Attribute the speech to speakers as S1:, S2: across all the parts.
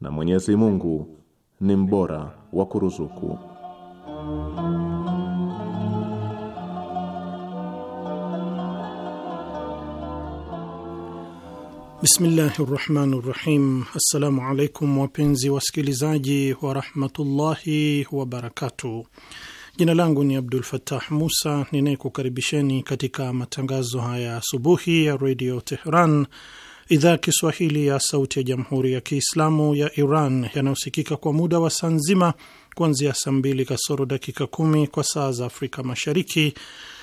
S1: na Mwenyezi Mungu ni mbora wa kuruzuku.
S2: Bismillahi rahmani rahim. Assalamu alaikum wapenzi wasikilizaji wa rahmatullahi wabarakatuh. Jina langu ni Abdul Fattah Musa ninayekukaribisheni katika matangazo haya asubuhi ya redio Tehran idhaa ya Kiswahili ya Sauti ya Jamhuri ya Kiislamu ya Iran yanayosikika kwa muda wa saa nzima kuanzia saa mbili kasoro dakika kumi kwa saa za Afrika Mashariki,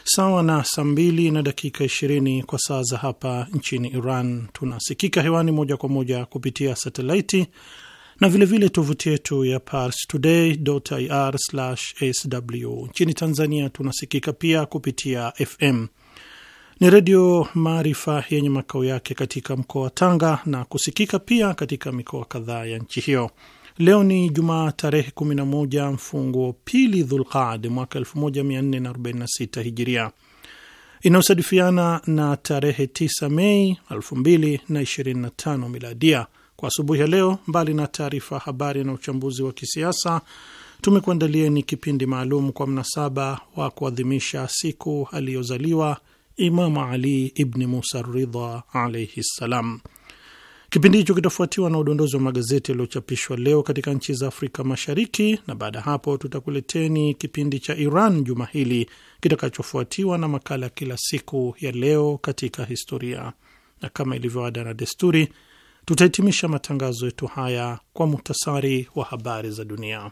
S2: sawa na saa mbili na dakika ishirini kwa saa za hapa nchini Iran. Tunasikika hewani moja kwa moja kupitia satelaiti na vilevile tovuti yetu ya parstoday.ir/sw. Nchini Tanzania tunasikika pia kupitia FM ni redio Maarifa yenye makao yake katika mkoa wa Tanga na kusikika pia katika mikoa kadhaa ya nchi hiyo. Leo ni Jumaa tarehe 11 mfunguo pili Dhulqaad mwaka 1446 Hijiria, inayosadifiana na tarehe 9 Mei 2025 Miladia. Kwa asubuhi ya leo, mbali na taarifa habari na uchambuzi wa kisiasa, tumekuandalia ni kipindi maalum kwa mnasaba wa kuadhimisha siku aliyozaliwa Imamu Ali ibni Musa Ridha alaihi ssalam. Kipindi hicho kitafuatiwa na udondozi wa magazeti yaliyochapishwa leo katika nchi za Afrika Mashariki, na baada ya hapo tutakuleteni kipindi cha Iran juma hili kitakachofuatiwa na makala kila siku ya leo katika historia, na kama ilivyo ada na desturi tutahitimisha matangazo yetu haya kwa muhtasari wa habari za dunia.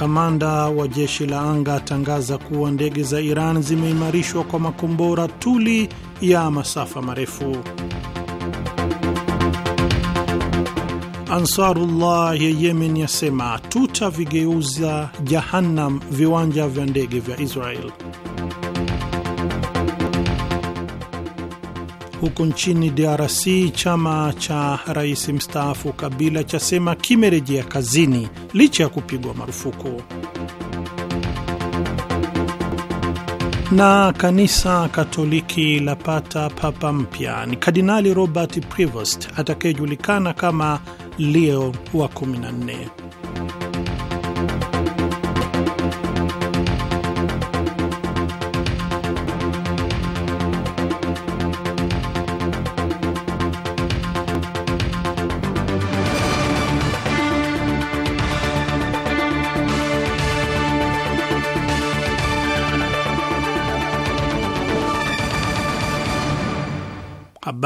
S2: Kamanda wa jeshi la anga atangaza kuwa ndege za Iran zimeimarishwa kwa makombora tuli ya masafa marefu. Ansarullah ya Yemen yasema tutavigeuza jahannam viwanja vya ndege vya Israel. Huko nchini DRC chama cha rais mstaafu Kabila chasema kimerejea kazini licha ya kupigwa marufuku. Na kanisa Katoliki lapata papa mpya, ni Kardinali Robert Prevost atakayejulikana kama Leo wa 14.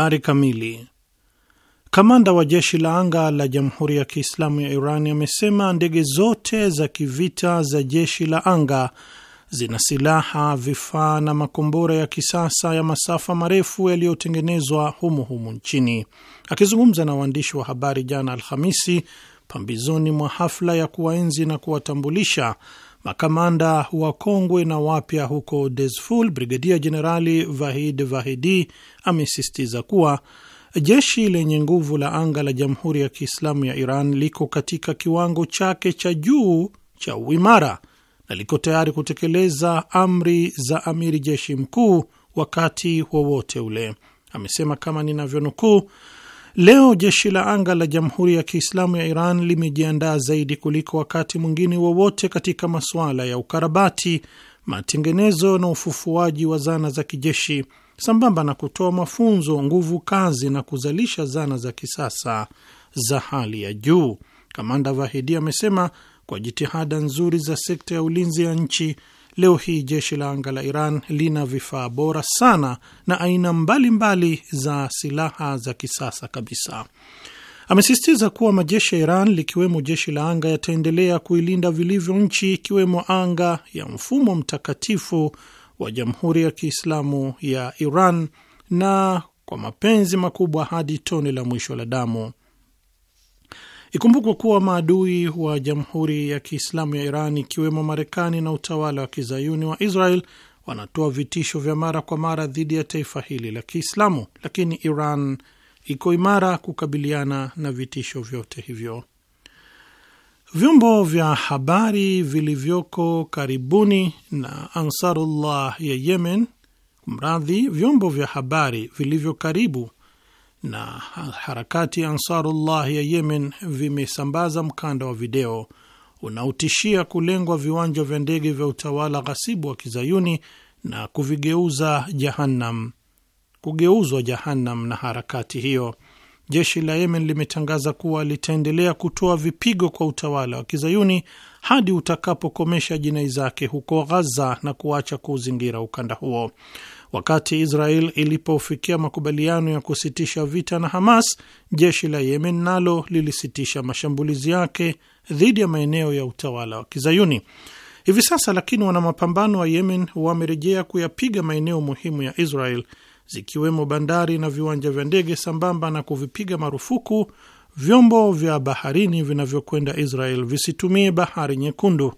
S2: Habari kamili. Kamanda wa jeshi la anga la Jamhuri ya Kiislamu ya Iran amesema ndege zote za kivita za jeshi la anga zina silaha, vifaa na makombora ya kisasa ya masafa marefu yaliyotengenezwa humu humu nchini. Akizungumza na waandishi wa habari jana Alhamisi pambizoni mwa hafla ya kuwaenzi na kuwatambulisha Makamanda wa kongwe na wapya huko Desful, Brigedia Jenerali Vahid Vahidi amesisitiza kuwa jeshi lenye nguvu la anga la Jamhuri ya Kiislamu ya Iran liko katika kiwango chake cha juu cha uimara na liko tayari kutekeleza amri za amiri jeshi mkuu wakati wowote ule. Amesema kama ninavyonukuu Leo jeshi la anga la Jamhuri ya Kiislamu ya Iran limejiandaa zaidi kuliko wakati mwingine wowote wa katika masuala ya ukarabati, matengenezo na ufufuaji wa zana za kijeshi sambamba na kutoa mafunzo, nguvu kazi na kuzalisha zana za kisasa za hali ya juu. Kamanda Vahidi amesema kwa jitihada nzuri za sekta ya ulinzi ya nchi Leo hii jeshi la anga la Iran lina vifaa bora sana na aina mbalimbali mbali za silaha za kisasa kabisa. Amesisitiza kuwa majeshi ya Iran likiwemo jeshi la anga yataendelea kuilinda vilivyo nchi ikiwemo anga ya mfumo mtakatifu wa Jamhuri ya Kiislamu ya Iran na kwa mapenzi makubwa hadi tone la mwisho la damu. Ikumbukwe kuwa maadui wa Jamhuri ya Kiislamu ya Iran ikiwemo Marekani na utawala wa kizayuni wa Israel wanatoa vitisho vya mara kwa mara dhidi ya taifa hili la Kiislamu, lakini Iran iko imara kukabiliana na vitisho vyote hivyo. Vyombo vya habari vilivyoko karibuni na Ansarullah ya Yemen, mradhi, vyombo vya habari vilivyo karibu na harakati Ansarullah ya Yemen vimesambaza mkanda wa video unaotishia kulengwa viwanja vya ndege vya utawala ghasibu wa kizayuni na kuvigeuza jahannam, kugeuzwa jahannam na harakati hiyo. Jeshi la Yemen limetangaza kuwa litaendelea kutoa vipigo kwa utawala wa kizayuni hadi utakapokomesha jinai zake huko Ghaza na kuacha kuuzingira ukanda huo. Wakati Israel ilipofikia makubaliano ya kusitisha vita na Hamas, jeshi la Yemen nalo lilisitisha mashambulizi yake dhidi ya maeneo ya utawala wa Kizayuni. Hivi sasa lakini, wanamapambano wa Yemen wamerejea kuyapiga maeneo muhimu ya Israel, zikiwemo bandari na viwanja vya ndege, sambamba na kuvipiga marufuku vyombo vya baharini vinavyokwenda Israel visitumie Bahari Nyekundu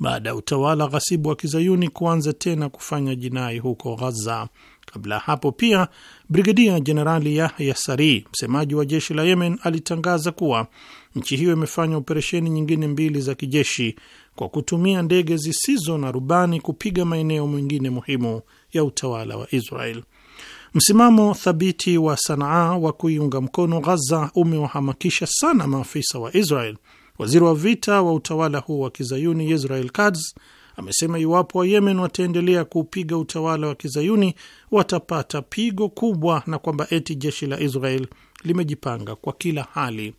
S2: baada ya utawala ghasibu wa kizayuni kuanza tena kufanya jinai huko Ghaza. Kabla ya hapo pia, Brigedia Jenerali Yahya Sari, msemaji wa jeshi la Yemen, alitangaza kuwa nchi hiyo imefanya operesheni nyingine mbili za kijeshi kwa kutumia ndege zisizo na rubani kupiga maeneo mengine muhimu ya utawala wa Israel. Msimamo thabiti wa Sanaa wa kuiunga mkono Ghaza umewahamakisha sana maafisa wa Israel Waziri wa vita wa utawala huo wa kizayuni Israel Katz amesema iwapo Wayemen wataendelea kuupiga utawala wa kizayuni watapata pigo kubwa, na kwamba eti jeshi la Israel limejipanga kwa kila hali.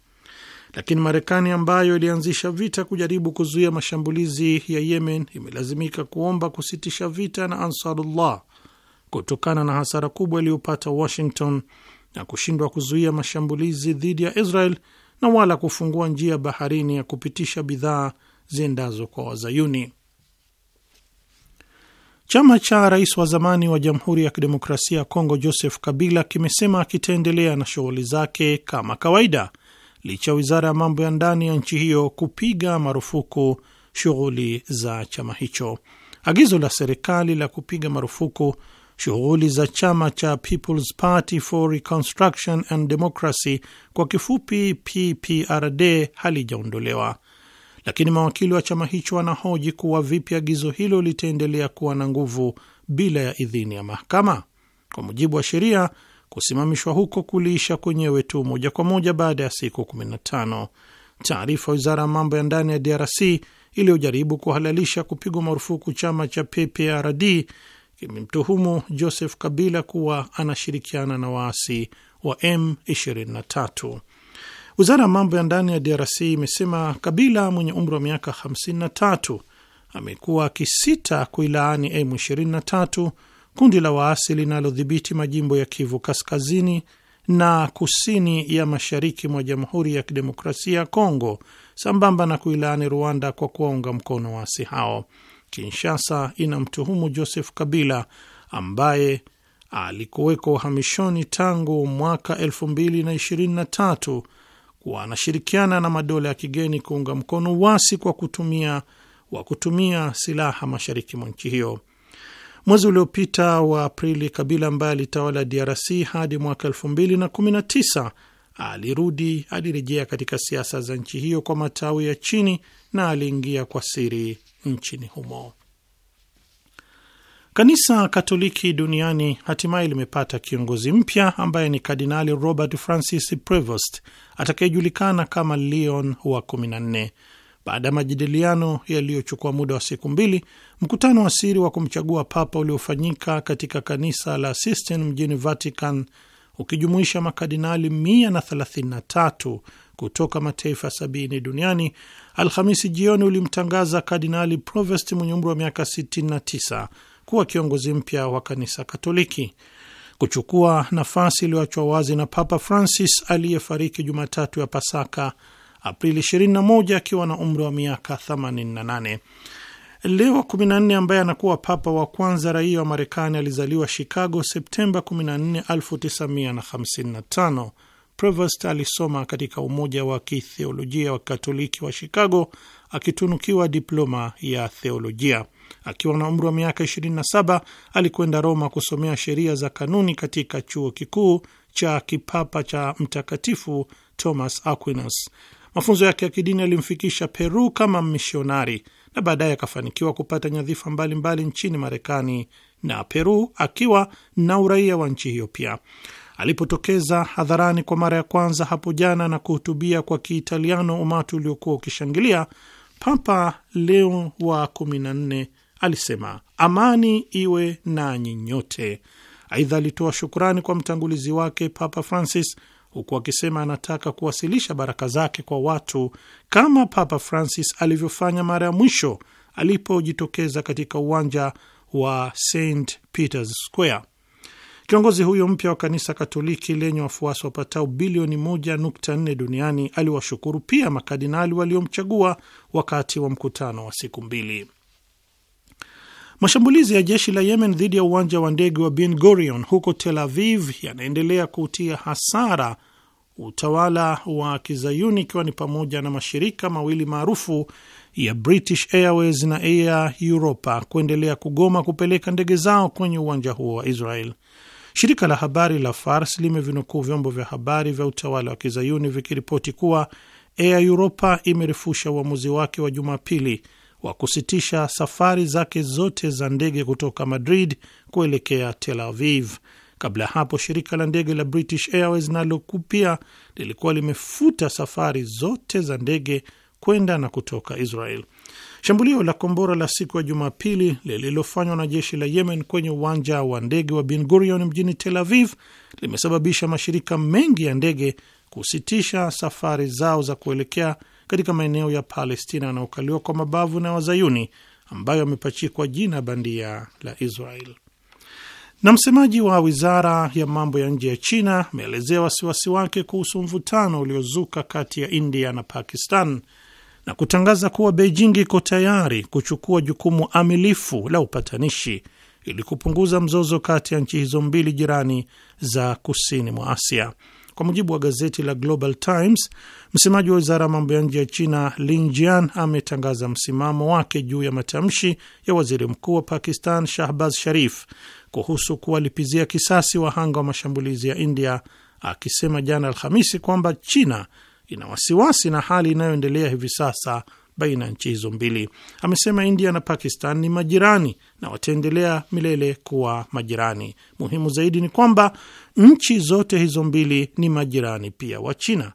S2: Lakini Marekani ambayo ilianzisha vita kujaribu kuzuia mashambulizi ya Yemen imelazimika kuomba kusitisha vita na Ansarullah kutokana na hasara kubwa iliyopata Washington na kushindwa kuzuia mashambulizi dhidi ya Israel na wala kufungua njia baharini ya kupitisha bidhaa ziendazo kwa Wazayuni. Chama cha rais wa zamani wa Jamhuri ya Kidemokrasia ya Kongo Joseph Kabila kimesema kitaendelea na shughuli zake kama kawaida licha wizara ya mambo ya ndani ya nchi hiyo kupiga marufuku shughuli za chama hicho. Agizo la serikali la kupiga marufuku shughuli za chama cha People's Party for Reconstruction and Democracy, kwa kifupi PPRD, halijaondolewa, lakini mawakili wa chama hicho wanahoji kuwa vipi agizo hilo litaendelea kuwa na nguvu bila ya idhini ya mahakama. Kwa mujibu wa sheria, kusimamishwa huko kuliisha kwenyewe tu moja kwa moja baada ya siku 15. Taarifa wizara ya mambo ya ndani ya DRC iliyojaribu kuhalalisha kupigwa marufuku chama cha PPRD kimemtuhumu Joseph Kabila kuwa anashirikiana na waasi wa M23. Wizara ya mambo ya ndani ya DRC imesema Kabila mwenye umri wa miaka 53 amekuwa akisita kuilaani M23, kundi la waasi linalodhibiti majimbo ya Kivu kaskazini na kusini ya mashariki mwa Jamhuri ya Kidemokrasia ya Kongo, sambamba na kuilaani Rwanda kwa kuwaunga mkono waasi hao. Kinshasa inamtuhumu Joseph Kabila ambaye alikuwekwa uhamishoni tangu mwaka 2023 kuwa anashirikiana na madola ya kigeni kuunga mkono wasi kwa kutumia, wa kutumia silaha mashariki mwa nchi hiyo. Mwezi uliopita wa Aprili, Kabila ambaye alitawala DRC hadi mwaka 2019 alirudi, alirejea katika siasa za nchi hiyo kwa matawi ya chini na aliingia kwa siri nchini humo. Kanisa Katoliki duniani hatimaye limepata kiongozi mpya ambaye ni Kardinali Robert Francis Prevost atakayejulikana kama Leon wa 14. Baada ya majadiliano yaliyochukua muda wa siku mbili, mkutano wa siri wa kumchagua papa uliofanyika katika kanisa la Sistine mjini Vatican ukijumuisha makardinali 133 kutoka mataifa sabini duniani Alhamisi jioni ulimtangaza Kardinali Provest mwenye umri wa miaka 69 kuwa kiongozi mpya wa kanisa Katoliki kuchukua nafasi iliyoachwa wazi na Papa Francis aliyefariki Jumatatu ya Pasaka Aprili 21 akiwa na umri wa miaka 88. Leo 14 ambaye anakuwa papa wa kwanza raia wa Marekani alizaliwa Chicago Septemba 14, 1955. Prevost alisoma katika Umoja wa Kitheolojia wa Katoliki wa Chicago akitunukiwa diploma ya theolojia. Akiwa na umri wa miaka 27 alikwenda Roma kusomea sheria za kanuni katika chuo kikuu cha kipapa cha Mtakatifu Thomas Aquinas. Mafunzo yake ya kidini yalimfikisha Peru kama mishonari na baadaye akafanikiwa kupata nyadhifa mbalimbali mbali nchini Marekani na Peru, akiwa na uraia wa nchi hiyo pia alipotokeza hadharani kwa mara ya kwanza hapo jana na kuhutubia kwa Kiitaliano umati uliokuwa ukishangilia, Papa Leo wa 14 alisema amani iwe nanyi nyote. Aidha, alitoa shukrani kwa mtangulizi wake Papa Francis, huku akisema anataka kuwasilisha baraka zake kwa watu kama Papa Francis alivyofanya mara ya mwisho alipojitokeza katika uwanja wa St Peter's Square. Kiongozi huyo mpya wa kanisa Katoliki lenye wafuasi wapatao bilioni 1.4 duniani aliwashukuru pia makadinali waliomchagua wakati wa mkutano wa siku mbili. Mashambulizi ya jeshi la Yemen dhidi ya uwanja wa ndege wa Ben Gurion huko Tel Aviv yanaendelea kutia hasara utawala wa Kizayuni, ikiwa ni pamoja na mashirika mawili maarufu ya British Airways na Air Europa kuendelea kugoma kupeleka ndege zao kwenye uwanja huo wa Israel. Shirika la habari la Fars limevinukuu vyombo vya habari vya utawala wa kizayuni vikiripoti kuwa Air Europa imerefusha uamuzi wake wa Jumapili wa kusitisha safari zake zote za ndege kutoka Madrid kuelekea Tel Aviv. Kabla ya hapo shirika la ndege la British Airways nalo pia lilikuwa limefuta safari zote za ndege kwenda na kutoka Israel. Shambulio la kombora la siku ya Jumapili lililofanywa na jeshi la Yemen kwenye uwanja wa ndege wa bingurion Gurion mjini Tel Aviv limesababisha mashirika mengi ya ndege kusitisha safari zao za kuelekea katika maeneo ya Palestina yanayokaliwa kwa mabavu na Wazayuni ambayo yamepachikwa jina bandia la Israel. Na msemaji wa wizara ya mambo ya nje ya China ameelezea wasiwasi wake kuhusu mvutano uliozuka kati ya India na Pakistan na kutangaza kuwa Beijing iko tayari kuchukua jukumu amilifu la upatanishi ili kupunguza mzozo kati ya nchi hizo mbili jirani za kusini mwa Asia. Kwa mujibu wa gazeti la Global Times, msemaji wa wizara ya mambo ya nje ya China Lin Jian ametangaza msimamo wake juu ya matamshi ya waziri mkuu wa Pakistan Shahbaz Sharif kuhusu kuwalipizia kisasi wahanga wa mashambulizi ya India, akisema jana Alhamisi kwamba China ina wasiwasi na hali inayoendelea hivi sasa baina ya nchi hizo mbili. Amesema India na Pakistan ni majirani na wataendelea milele kuwa majirani. Muhimu zaidi ni kwamba nchi zote hizo mbili ni majirani pia wa China.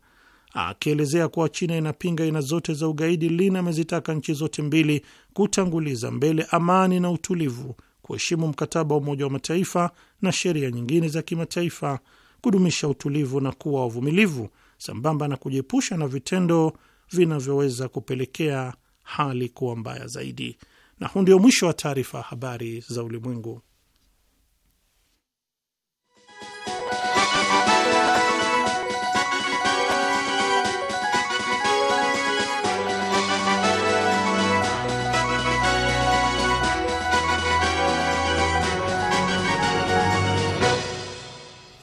S2: Akielezea kuwa China inapinga aina zote za ugaidi, Lin amezitaka nchi zote mbili kutanguliza mbele amani na utulivu, kuheshimu mkataba wa Umoja wa Mataifa na sheria nyingine za kimataifa, kudumisha utulivu na kuwa wavumilivu sambamba na kujiepusha na vitendo vinavyoweza kupelekea hali kuwa mbaya zaidi. Na huu ndio mwisho wa taarifa habari za ulimwengu.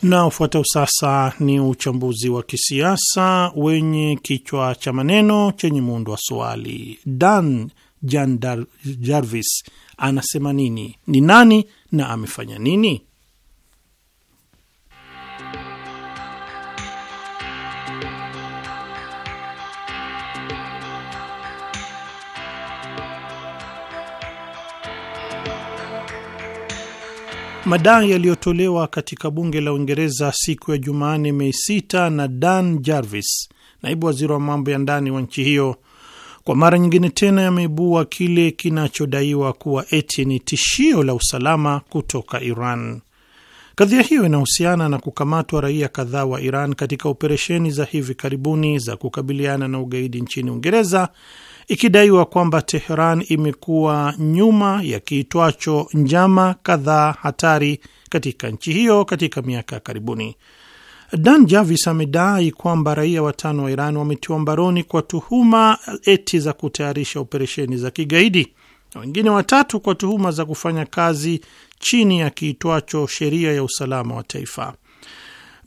S2: Na ufuatao sasa ni uchambuzi wa kisiasa wenye kichwa cha maneno chenye muundo wa swali: Dan Jan Jarvis anasema nini? Ni nani na amefanya nini? Madai yaliyotolewa katika bunge la Uingereza siku ya Jumanne, Mei 6 na Dan Jarvis, naibu waziri wa mambo ya ndani wa nchi hiyo, kwa mara nyingine tena yameibua kile kinachodaiwa kuwa eti ni tishio la usalama kutoka Iran. Kadhia hiyo inahusiana na kukamatwa raia kadhaa wa Iran katika operesheni za hivi karibuni za kukabiliana na ugaidi nchini Uingereza ikidaiwa kwamba Teheran imekuwa nyuma ya kiitwacho njama kadhaa hatari katika nchi hiyo katika miaka ya karibuni. Dan Javis amedai kwamba raia watano wa Iran wametiwa mbaroni kwa tuhuma eti za kutayarisha operesheni za kigaidi na wengine watatu kwa tuhuma za kufanya kazi chini ya kiitwacho sheria ya usalama wa taifa.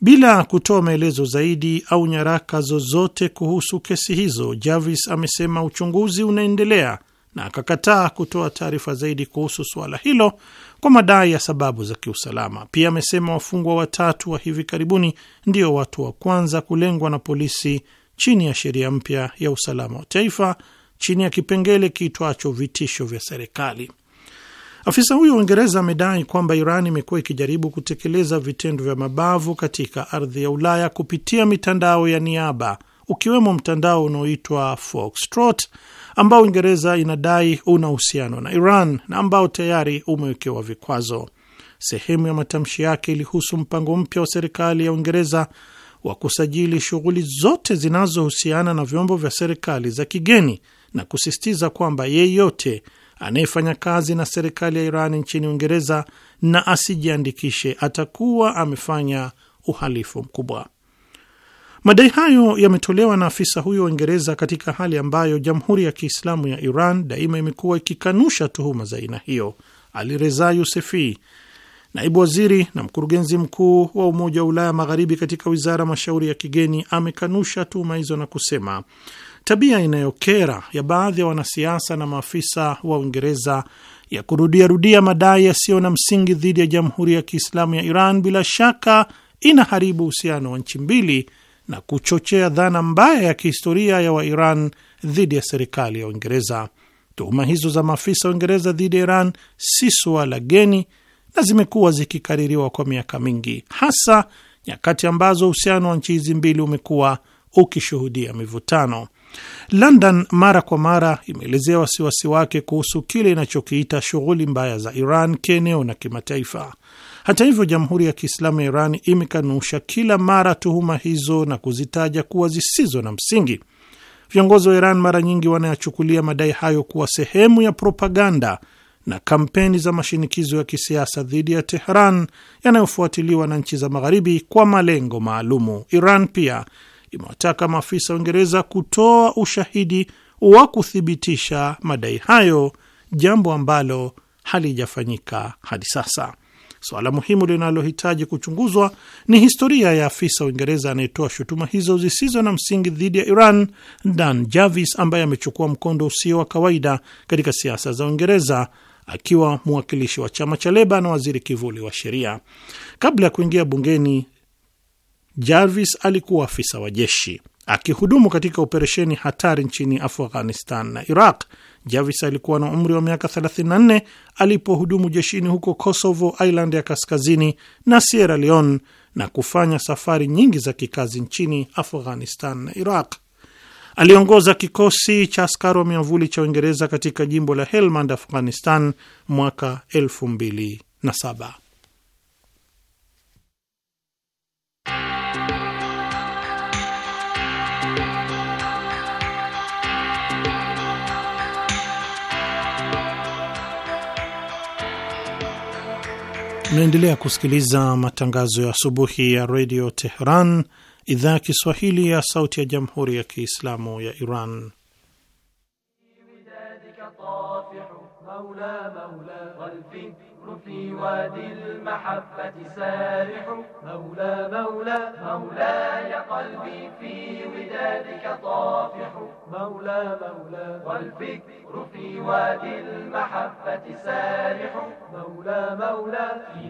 S2: Bila kutoa maelezo zaidi au nyaraka zozote kuhusu kesi hizo, Jarvis amesema uchunguzi unaendelea na akakataa kutoa taarifa zaidi kuhusu suala hilo kwa madai ya sababu za kiusalama. Pia amesema wafungwa watatu wa hivi karibuni ndio watu wa kwanza kulengwa na polisi chini ya sheria mpya ya usalama wa taifa chini ya kipengele kiitwacho vitisho vya serikali. Afisa huyo wa Uingereza amedai kwamba Iran imekuwa ikijaribu kutekeleza vitendo vya mabavu katika ardhi ya Ulaya kupitia mitandao ya niaba, ukiwemo mtandao unaoitwa Foxtrot ambao Uingereza inadai una uhusiano na Iran na ambao tayari umewekewa vikwazo. Sehemu ya matamshi yake ilihusu mpango mpya wa serikali ya Uingereza wa kusajili shughuli zote zinazohusiana na vyombo vya serikali za kigeni na kusisitiza kwamba yeyote anayefanya kazi na serikali ya Iran nchini Uingereza na asijiandikishe atakuwa amefanya uhalifu mkubwa. Madai hayo yametolewa na afisa huyo wa Uingereza katika hali ambayo Jamhuri ya Kiislamu ya Iran daima imekuwa ikikanusha tuhuma za aina hiyo. Alireza Yusefi, naibu waziri na mkurugenzi mkuu wa Umoja wa Ulaya Magharibi katika wizara mashauri ya kigeni, amekanusha tuhuma hizo na kusema Tabia inayokera ya baadhi ya wanasiasa na maafisa wa Uingereza ya kurudiarudia madai yasiyo na msingi dhidi ya Jamhuri ya Kiislamu ya Iran bila shaka inaharibu uhusiano wa nchi mbili na kuchochea dhana mbaya ya kihistoria ya Wairan dhidi ya serikali ya Uingereza. Tuhuma hizo za maafisa wa Uingereza dhidi ya Iran si suala geni na zimekuwa zikikaririwa kwa miaka mingi, hasa nyakati ambazo uhusiano wa nchi hizi mbili umekuwa ukishuhudia mivutano. London mara kwa mara imeelezea wasiwasi wake kuhusu kile inachokiita shughuli mbaya za Iran kieneo na kimataifa. Hata hivyo, Jamhuri ya Kiislamu ya Iran imekanusha kila mara tuhuma hizo na kuzitaja kuwa zisizo na msingi. Viongozi wa Iran mara nyingi wanayachukulia madai hayo kuwa sehemu ya propaganda na kampeni za mashinikizo ya kisiasa dhidi ya Tehran yanayofuatiliwa na nchi za Magharibi kwa malengo maalumu. Iran pia imewataka maafisa wa Uingereza kutoa ushahidi wa kuthibitisha madai hayo, jambo ambalo halijafanyika hadi sasa. Suala muhimu linalohitaji kuchunguzwa ni historia ya afisa Uingereza anayetoa shutuma hizo zisizo na msingi dhidi ya Iran, Dan Jarvis, ambaye amechukua mkondo usio wa kawaida katika siasa za Uingereza akiwa mwakilishi wa chama cha Leba na waziri kivuli wa sheria. Kabla ya kuingia bungeni, Jarvis alikuwa afisa wa jeshi akihudumu katika operesheni hatari nchini Afghanistan na Iraq. Jarvis alikuwa na umri wa miaka 34 alipohudumu jeshini huko Kosovo, Ireland ya Kaskazini na Sierra Leone na kufanya safari nyingi za kikazi nchini Afghanistan na Iraq. Aliongoza kikosi cha askari wa miavuli cha Uingereza katika jimbo la Helmand, Afghanistan mwaka 2007. Mnaendelea kusikiliza matangazo ya asubuhi ya redio Teheran, idhaa ya Kiswahili ya sauti ya jamhuri ya Kiislamu ya Iran.
S3: في وادي المحبة سارح مولى مولى مولاي قلبي في ودادك طافح مولى مولى والفكر في وادي المحبة سارح مولى مولى في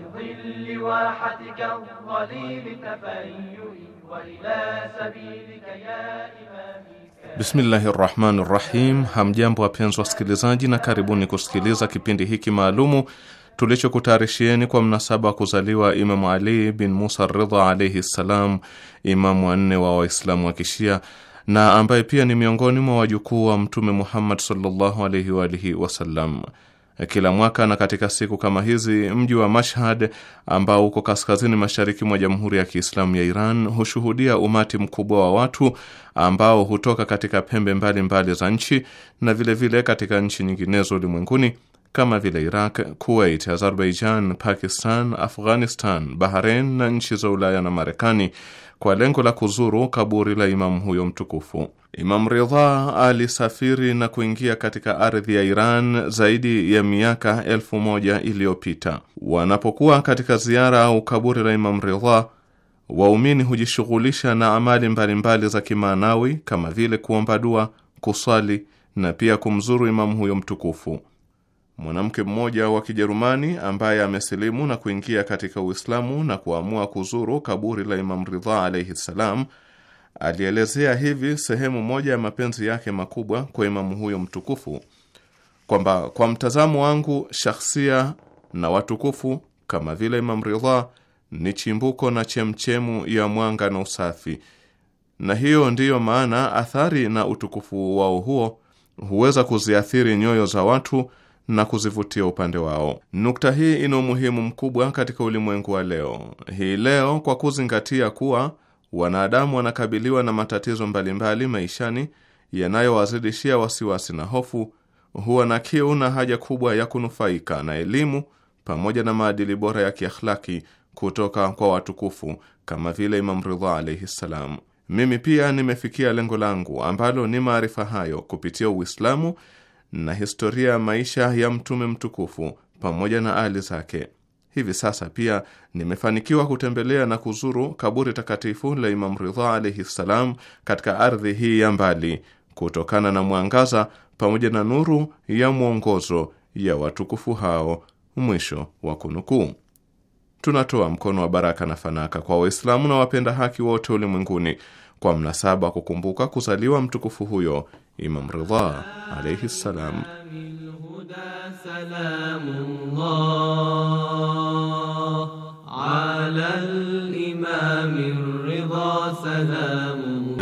S3: ظل واحتك الظليل تفيئي وإلى سبيلك
S1: يا إمامي Bismillahi rrahmani rrahim. Hamjambo wapenzi wasikilizaji, na karibuni kusikiliza kipindi hiki maalumu tulichokutayarishieni kwa mnasaba wa kuzaliwa Imamu Ali bin Musa Ridha alaihi ssalam, imamu wanne wa Waislamu wa Kishia na ambaye pia ni miongoni mwa wajukuu wa Mtume Muhammad sallallahu alaihi wasallam. Kila mwaka na katika siku kama hizi mji wa Mashhad ambao uko kaskazini mashariki mwa Jamhuri ya Kiislamu ya Iran hushuhudia umati mkubwa wa watu ambao hutoka katika pembe mbalimbali mbali za nchi na vilevile vile katika nchi nyinginezo ulimwenguni kama vile Iraq, Kuwait, Azerbaijan, Pakistan, Afghanistan, Bahrain na nchi za Ulaya na Marekani kwa lengo la kuzuru kaburi la imamu huyo mtukufu. imam Ridha alisafiri na kuingia katika ardhi ya Iran zaidi ya miaka elfu moja iliyopita. Wanapokuwa katika ziara au kaburi la imam Ridha, waumini hujishughulisha na amali mbalimbali za kimaanawi kama vile kuomba dua, kuswali na pia kumzuru imamu huyo mtukufu. Mwanamke mmoja wa Kijerumani ambaye amesilimu na kuingia katika Uislamu na kuamua kuzuru kaburi la Imam Ridha alaihi ssalam alielezea hivi sehemu moja ya mapenzi yake makubwa kwa imamu huyo mtukufu kwamba kwa mtazamo wangu shakhsia na watukufu kama vile Imam Ridha ni chimbuko na chemchemu ya mwanga na usafi, na hiyo ndiyo maana athari na utukufu wao huo huweza kuziathiri nyoyo za watu na kuzivutia upande wao. Nukta hii ina umuhimu mkubwa katika ulimwengu wa leo hii leo, kwa kuzingatia kuwa wanadamu wanakabiliwa na matatizo mbalimbali maishani yanayowazidishia wasiwasi na hofu, huwa na kiu na haja kubwa ya kunufaika na elimu pamoja na maadili bora ya kiakhlaki kutoka kwa watukufu kama vile Imam Ridha alaihi ssalam. Mimi pia nimefikia lengo langu ambalo ni maarifa hayo kupitia Uislamu na historia ya maisha ya mtume mtukufu pamoja na ali zake. Hivi sasa pia nimefanikiwa kutembelea na kuzuru kaburi takatifu la Imam Ridha alaihi ssalam katika ardhi hii ya mbali, kutokana na mwangaza pamoja na nuru ya mwongozo ya watukufu hao. Mwisho wa kunukuu. Tunatoa mkono wa baraka na fanaka kwa Waislamu na wapenda haki wote ulimwenguni kwa mnasaba wa kukumbuka kuzaliwa mtukufu huyo Imam Ridha alaihi salam.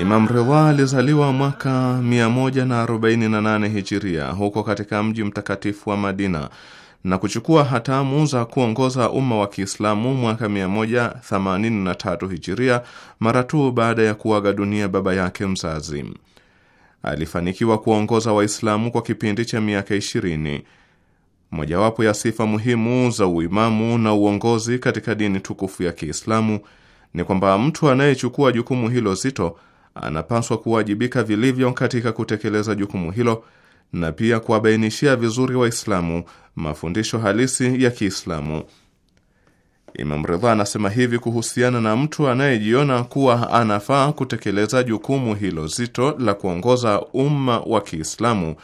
S1: Imam Ridha alizaliwa mwaka 148 Hijiria huko katika mji mtakatifu wa Madina na kuchukua hatamu za kuongoza umma wa Kiislamu mwaka 183 Hijiria, mara tu baada ya kuaga dunia baba yake mzazi. Alifanikiwa kuongoza Waislamu kwa kipindi cha miaka 20. Mojawapo ya sifa muhimu za uimamu na uongozi katika dini tukufu ya Kiislamu ni kwamba mtu anayechukua jukumu hilo zito anapaswa kuwajibika vilivyo katika kutekeleza jukumu hilo na pia kuwabainishia vizuri Waislamu mafundisho halisi ya Kiislamu. Imam Ridha anasema hivi kuhusiana na mtu anayejiona kuwa anafaa kutekeleza jukumu hilo zito la kuongoza umma wa Kiislamu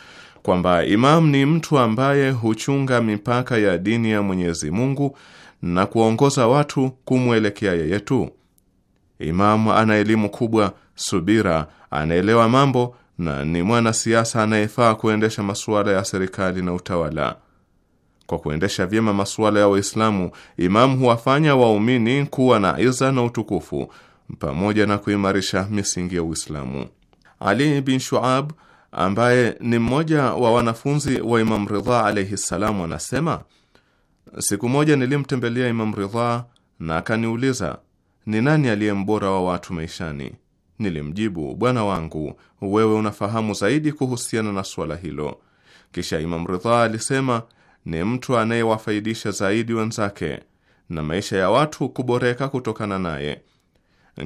S1: kwamba imam ni mtu ambaye huchunga mipaka ya dini ya Mwenyezi Mungu na kuwaongoza watu kumwelekea yeye tu. Imam ana elimu kubwa, subira, anaelewa mambo na ni mwanasiasa anayefaa kuendesha masuala ya serikali na utawala. Kwa kuendesha vyema masuala ya Waislamu, imamu huwafanya waumini kuwa na iza na utukufu pamoja na kuimarisha misingi ya Uislamu. Ali bin Shuab ambaye ni mmoja wa wanafunzi wa Imam Ridha alayhi ssalam, anasema siku moja nilimtembelea Imam Ridha na akaniuliza, ni nani aliye mbora wa watu maishani? Nilimjibu, bwana wangu, wewe unafahamu zaidi kuhusiana na suala hilo. Kisha Imam Ridha alisema, ni mtu anayewafaidisha zaidi wenzake na maisha ya watu kuboreka kutokana naye.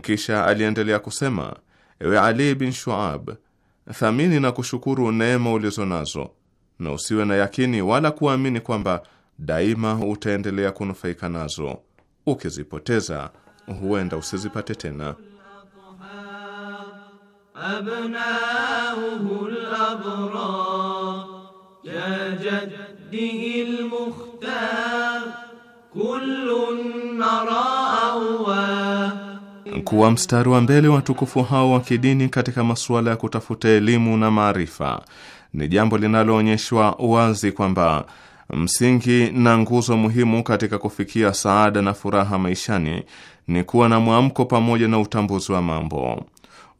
S1: Kisha aliendelea kusema, ewe Ali bin Shuab, thamini na kushukuru neema ulizo nazo na usiwe na yakini wala kuamini kwamba daima utaendelea kunufaika nazo. Ukizipoteza huenda usizipate tena.
S4: أبناؤه الأبرار كجده المختار كل نرى
S1: kuwa mstari wa mbele watukufu hao wa kidini katika masuala ya kutafuta elimu na maarifa ni jambo linaloonyeshwa wazi kwamba msingi na nguzo muhimu katika kufikia saada na furaha maishani ni kuwa na mwamko pamoja na utambuzi wa mambo.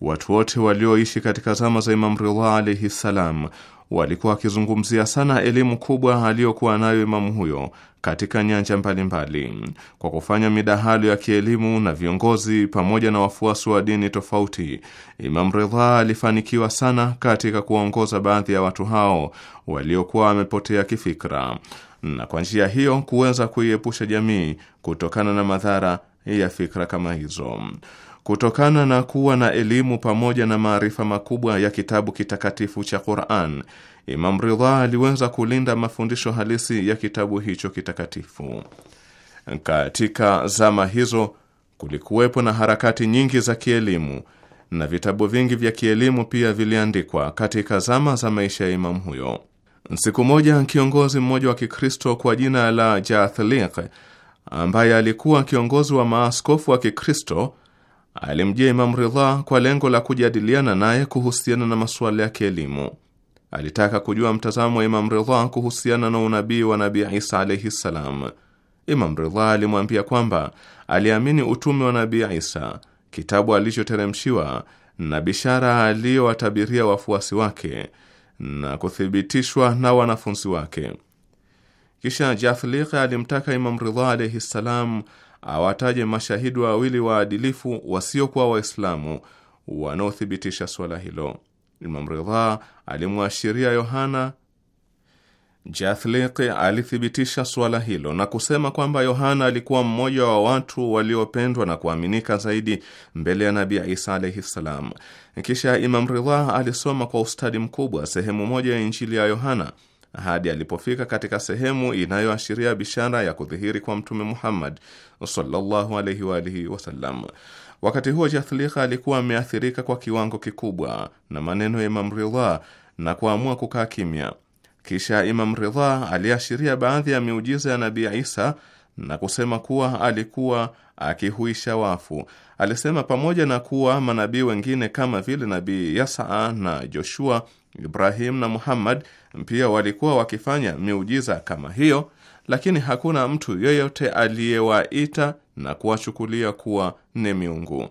S1: Watu wote walioishi katika zama za Imam Ridha alaihi ssalam walikuwa wakizungumzia sana elimu kubwa aliyokuwa nayo imamu huyo katika nyanja mbalimbali mbali. Kwa kufanya midahalo ya kielimu na viongozi pamoja na wafuasi wa dini tofauti, Imam Ridha alifanikiwa sana katika kuongoza baadhi ya watu hao waliokuwa wamepotea kifikra, na kwa njia hiyo kuweza kuiepusha jamii kutokana na madhara ya fikra kama hizo. Kutokana na kuwa na elimu pamoja na maarifa makubwa ya kitabu kitakatifu cha Qur'an, Imam Ridha aliweza kulinda mafundisho halisi ya kitabu hicho kitakatifu. Katika zama hizo kulikuwepo na harakati nyingi za kielimu na vitabu vingi vya kielimu pia viliandikwa katika zama za maisha ya imamu huyo. Siku moja kiongozi mmoja wa Kikristo kwa jina la Jathliq ambaye alikuwa kiongozi wa maaskofu wa Kikristo alimjia Imam Ridha kwa lengo la kujadiliana naye kuhusiana na masuala ya kielimu. Alitaka kujua mtazamo wa Imam Ridha kuhusiana na unabii wa Nabii Isa alaihi ssalam. Imam Ridha alimwambia kwamba aliamini utume wa Nabii Isa, kitabu alichoteremshiwa na bishara aliyowatabiria wafuasi wake na kuthibitishwa na wanafunzi wake. Kisha Jathliqa alimtaka Imam Ridha alaihi ssalam awataje mashahidi wawili waadilifu wasiokuwa Waislamu wanaothibitisha swala hilo. Imam Ridha alimwashiria Yohana Jathliq alithibitisha suala hilo na kusema kwamba Yohana alikuwa mmoja wa watu waliopendwa na kuaminika zaidi mbele ya Nabii Isa alaihi ssalam. Kisha Imam Ridha alisoma kwa ustadi mkubwa sehemu moja ya Injili ya Yohana hadi alipofika katika sehemu inayoashiria bishara ya kudhihiri kwa Mtume Muhammad sallallahu alaihi wa alihi wasallam. Wakati huo jathlika alikuwa ameathirika kwa kiwango kikubwa na maneno ya Imam Ridha na kuamua kukaa kimya. Kisha Imam Ridha aliashiria baadhi ya miujiza ya Nabii Isa na kusema kuwa alikuwa akihuisha wafu. Alisema pamoja na kuwa manabii wengine kama vile Nabii Yasa na Joshua, Ibrahim na Muhammad pia walikuwa wakifanya miujiza kama hiyo, lakini hakuna mtu yeyote aliyewaita na kuwachukulia kuwa ni miungu.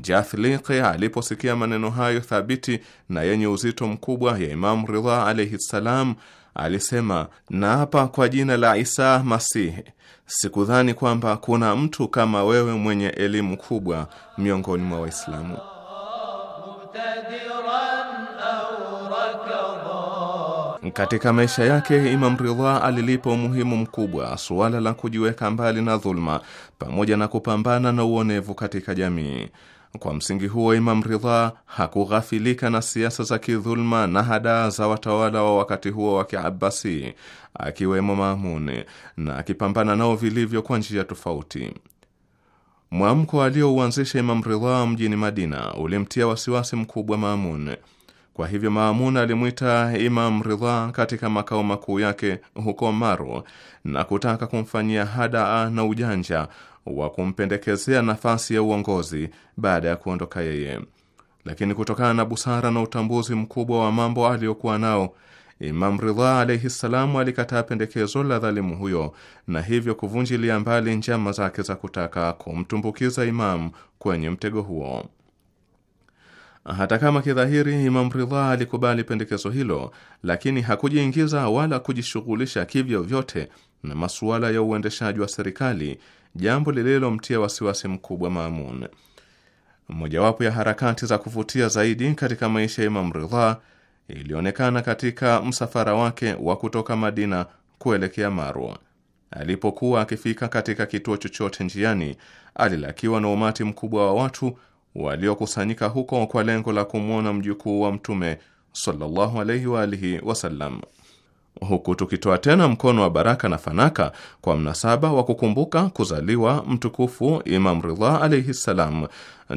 S1: Jathliqi aliposikia maneno hayo thabiti na yenye uzito mkubwa ya Imamu Ridha alaihi ssalam, alisema naapa kwa jina la Isa Masihi, sikudhani kwamba kuna mtu kama wewe mwenye elimu kubwa miongoni mwa Waislamu. Katika maisha yake Imam Ridha alilipa umuhimu mkubwa suala la kujiweka mbali na dhulma pamoja na kupambana na uonevu katika jamii. Kwa msingi huo, Imam Ridha hakughafilika na siasa za kidhulma na hadaa za watawala wa wakati huo wa Kiabasi, akiwemo maamun na akipambana nao vilivyo kwa njia tofauti. Mwamko aliouanzisha Imam Ridha mjini Madina ulimtia wasiwasi mkubwa Maamun. Kwa hivyo Maamun alimwita Imam Ridha katika makao makuu yake huko Maru na kutaka kumfanyia hadaa na ujanja wa kumpendekezea nafasi ya uongozi baada ya kuondoka yeye, lakini kutokana na busara na utambuzi mkubwa wa mambo aliyokuwa nao Imam Ridha alaihi ssalamu alikataa pendekezo la dhalimu huyo na hivyo kuvunjilia mbali njama zake za kutaka kumtumbukiza imamu kwenye mtego huo. Hata kama kidhahiri Imam Ridha alikubali pendekezo hilo, lakini hakujiingiza wala kujishughulisha kivyo vyote na masuala ya uendeshaji wa serikali, jambo lililomtia wasiwasi mkubwa Mamun. Mojawapo ya harakati za kuvutia zaidi katika maisha ya Imam Ridha ilionekana katika msafara wake wa kutoka Madina kuelekea Marwa. Alipokuwa akifika katika kituo chochote njiani, alilakiwa na umati mkubwa wa watu waliokusanyika huko kwa lengo la kumwona mjukuu wa Mtume sallallahu alaihi wa alihi wasallam, huku tukitoa tena mkono wa baraka na fanaka kwa mnasaba wa kukumbuka kuzaliwa mtukufu Imam Ridha alaihi ssalam.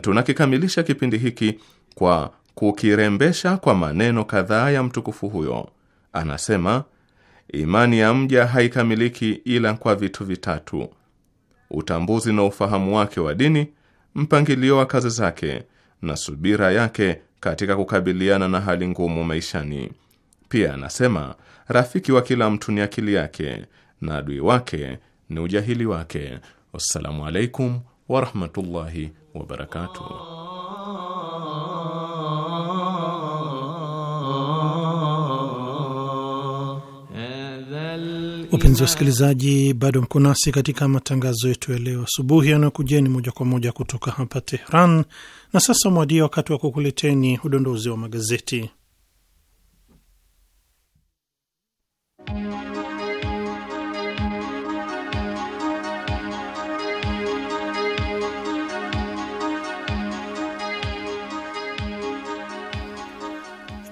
S1: Tunakikamilisha kipindi hiki kwa kukirembesha kwa maneno kadhaa ya mtukufu huyo. Anasema, imani ya mja haikamiliki ila kwa vitu vitatu: utambuzi na ufahamu wake wa dini mpangilio wa kazi zake na subira yake katika kukabiliana na hali ngumu maishani. Pia anasema rafiki wa kila mtu ni akili yake na adui wake ni ujahili wake. Wassalamu alaikum warahmatullahi wabarakatuh.
S2: Wapenzi wasikilizaji, bado mko nasi katika matangazo yetu ya leo asubuhi yanayokujeni moja kwa moja kutoka hapa Tehran. Na sasa mwadia wakati wa kukuleteni udondozi wa magazeti.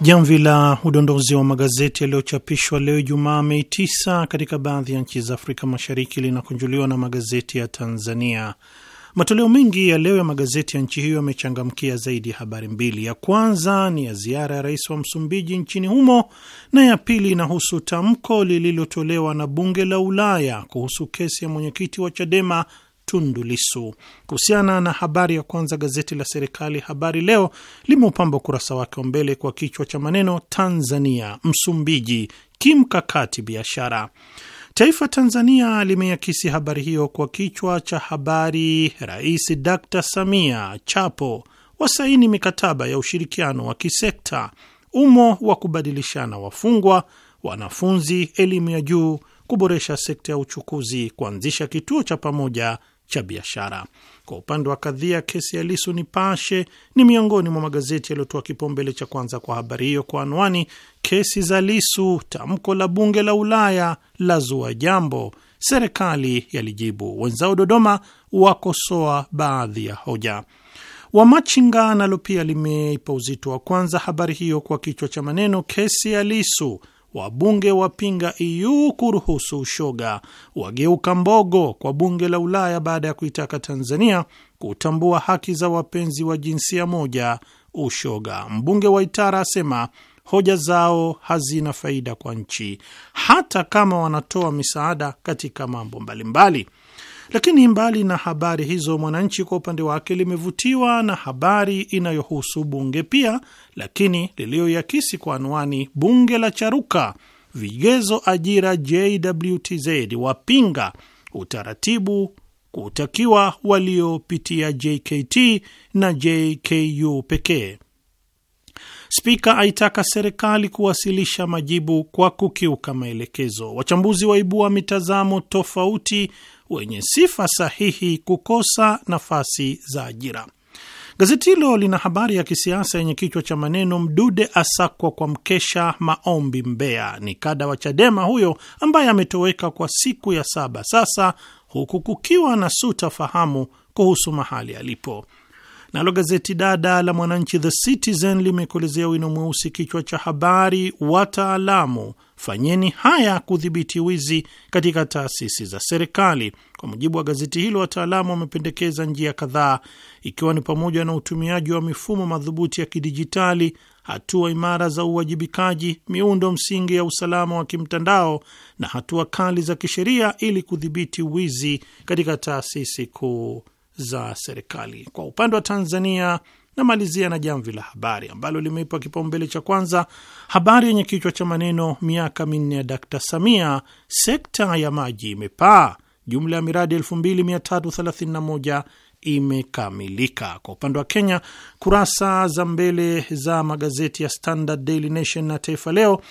S2: Jamvi la udondozi wa magazeti yaliyochapishwa leo Jumaa Mei 9 katika baadhi ya nchi za Afrika Mashariki linakunjuliwa na magazeti ya Tanzania. Matoleo mengi ya leo ya magazeti ya nchi hiyo yamechangamkia zaidi ya habari mbili. Ya kwanza ni ya ziara ya rais wa Msumbiji nchini humo na ya pili inahusu tamko lililotolewa na bunge la Ulaya kuhusu kesi ya mwenyekiti wa Chadema Tundulisu. Kuhusiana na habari ya kwanza, gazeti la serikali Habari Leo limeupamba ukurasa wake wa mbele kwa kichwa cha maneno Tanzania Msumbiji kimkakati biashara. Taifa Tanzania limeakisi habari hiyo kwa kichwa cha habari, Rais Dr Samia Chapo wasaini mikataba ya ushirikiano wa kisekta, umo wa kubadilishana wafungwa, wanafunzi elimu ya juu, kuboresha sekta ya uchukuzi, kuanzisha kituo cha pamoja cha biashara. Kwa upande wa kadhia kesi ya Lisu, Nipashe ni miongoni mwa magazeti yaliyotoa kipaumbele cha kwanza kwa habari hiyo kwa anwani, kesi za Lisu, tamko la bunge la Ulaya la zua jambo, serikali yalijibu, wenzao Dodoma wakosoa baadhi ya hoja Wamachinga nalo pia limeipa uzito wa kwanza habari hiyo kwa kichwa cha maneno, kesi ya Lisu wabunge wapinga EU kuruhusu ushoga, wageuka mbogo kwa bunge la Ulaya baada ya kuitaka Tanzania kutambua haki za wapenzi wa jinsia moja ushoga. Mbunge wa Itara asema hoja zao hazina faida kwa nchi, hata kama wanatoa misaada katika mambo mbalimbali. Lakini mbali na habari hizo, Mwananchi kwa upande wake limevutiwa na habari inayohusu bunge pia lakini liliyoiakisi kwa anwani bunge la charuka vigezo ajira JWTZ wapinga utaratibu kutakiwa waliopitia JKT na JKU pekee. Spika aitaka serikali kuwasilisha majibu kwa kukiuka maelekezo. Wachambuzi waibua mitazamo tofauti wenye sifa sahihi kukosa nafasi za ajira. Gazeti hilo lina habari ya kisiasa yenye kichwa cha maneno Mdude asakwa kwa mkesha maombi Mbeya. Ni kada wa Chadema huyo ambaye ametoweka kwa siku ya saba sasa, huku kukiwa na fahamu kuhusu mahali alipo. Nalo gazeti dada la Mwananchi The Citizen limekolezea wino mweusi kichwa cha habari, wataalamu fanyeni haya kudhibiti wizi katika taasisi za serikali. Kwa mujibu wa gazeti hilo, wataalamu wamependekeza njia kadhaa, ikiwa ni pamoja na utumiaji wa mifumo madhubuti ya kidijitali, hatua imara za uwajibikaji, miundo msingi ya usalama wa kimtandao na hatua kali za kisheria ili kudhibiti wizi katika taasisi kuu za serikali. Kwa upande wa Tanzania, namalizia na Jamvi la Habari ambalo limeipa kipaumbele cha kwanza habari yenye kichwa cha maneno miaka minne ya d Samia, sekta ya maji imepaa, jumla ya miradi 2331 imekamilika. Kwa upande wa Kenya, kurasa za mbele za magazeti ya Standard, Daily Nation na Taifa Leo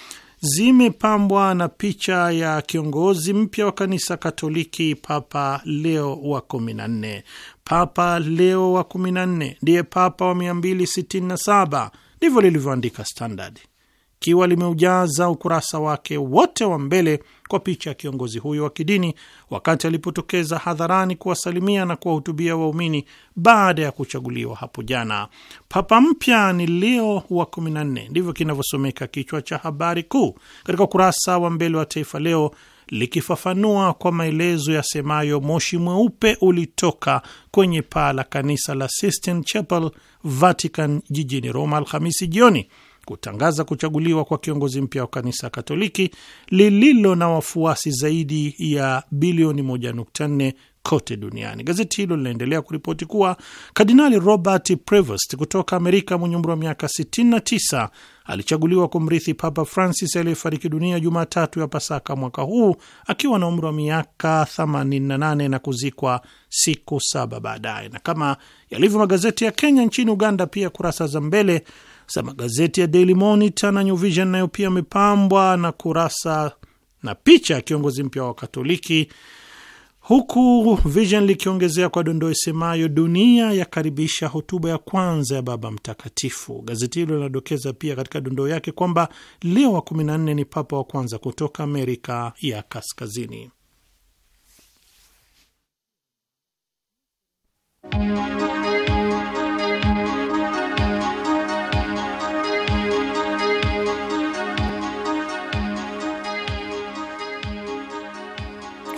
S2: zimepambwa na picha ya kiongozi mpya wa kanisa Katoliki, Papa Leo wa 14. Papa Leo wa 14 ndiye papa wa 267, ndivyo lilivyoandika Standard likiwa limeujaza ukurasa wake wote wa mbele kwa picha ya kiongozi huyo wa kidini wakati alipotokeza hadharani kuwasalimia na kuwahutubia waumini baada ya kuchaguliwa hapo jana. Papa mpya ni Leo wa 14, ndivyo kinavyosomeka kichwa cha habari kuu katika ukurasa wa mbele wa Taifa Leo, likifafanua kwa maelezo yasemayo, moshi mweupe ulitoka kwenye paa la kanisa la Sistine Chapel, Vatican, jijini Roma Alhamisi jioni kutangaza kuchaguliwa kwa kiongozi mpya wa kanisa Katoliki lililo na wafuasi zaidi ya bilioni 1.4 kote duniani. Gazeti hilo linaendelea kuripoti kuwa Kardinali Robert Prevost kutoka Amerika mwenye umri wa miaka 69 alichaguliwa kumrithi Papa Francis aliyefariki dunia Jumatatu ya Pasaka mwaka huu akiwa na umri wa miaka 88 na kuzikwa siku saba baadaye. Na kama yalivyo magazeti ya Kenya, nchini Uganda pia kurasa za mbele za magazeti ya Daily Monitor na New Vision nayo pia amepambwa na kurasa na picha ya kiongozi mpya wa Katoliki, huku Vision likiongezea kwa dondoo isemayo dunia yakaribisha hotuba ya kwanza ya Baba Mtakatifu. Gazeti hilo linadokeza pia katika dondoo yake kwamba Leo wa 14 ni papa wa kwanza kutoka Amerika ya Kaskazini.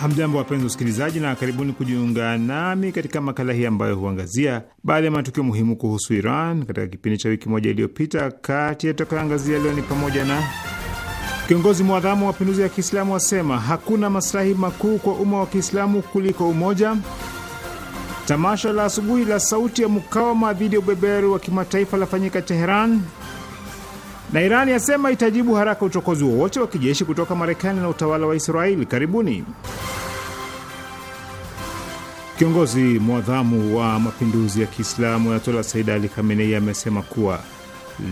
S5: Hamjambo, wapenzi usikilizaji, na karibuni kujiunga nami katika makala hii ambayo huangazia baadhi ya matukio muhimu kuhusu Iran katika kipindi cha wiki moja iliyopita. Kati ya tutakayoangazia leo ni pamoja na kiongozi mwadhamu wa mapinduzi ya Kiislamu asema hakuna maslahi makuu kwa umma wa Kiislamu kuliko umoja; tamasha la asubuhi la Sauti ya Mukawama dhidi ya ubeberu wa kimataifa lafanyika Teheran; na Iran yasema itajibu haraka uchokozi wowote wa kijeshi kutoka Marekani na utawala wa Israeli. Karibuni. Kiongozi mwadhamu wa mapinduzi ya Kiislamu Ayatola Said Ali Khamenei amesema kuwa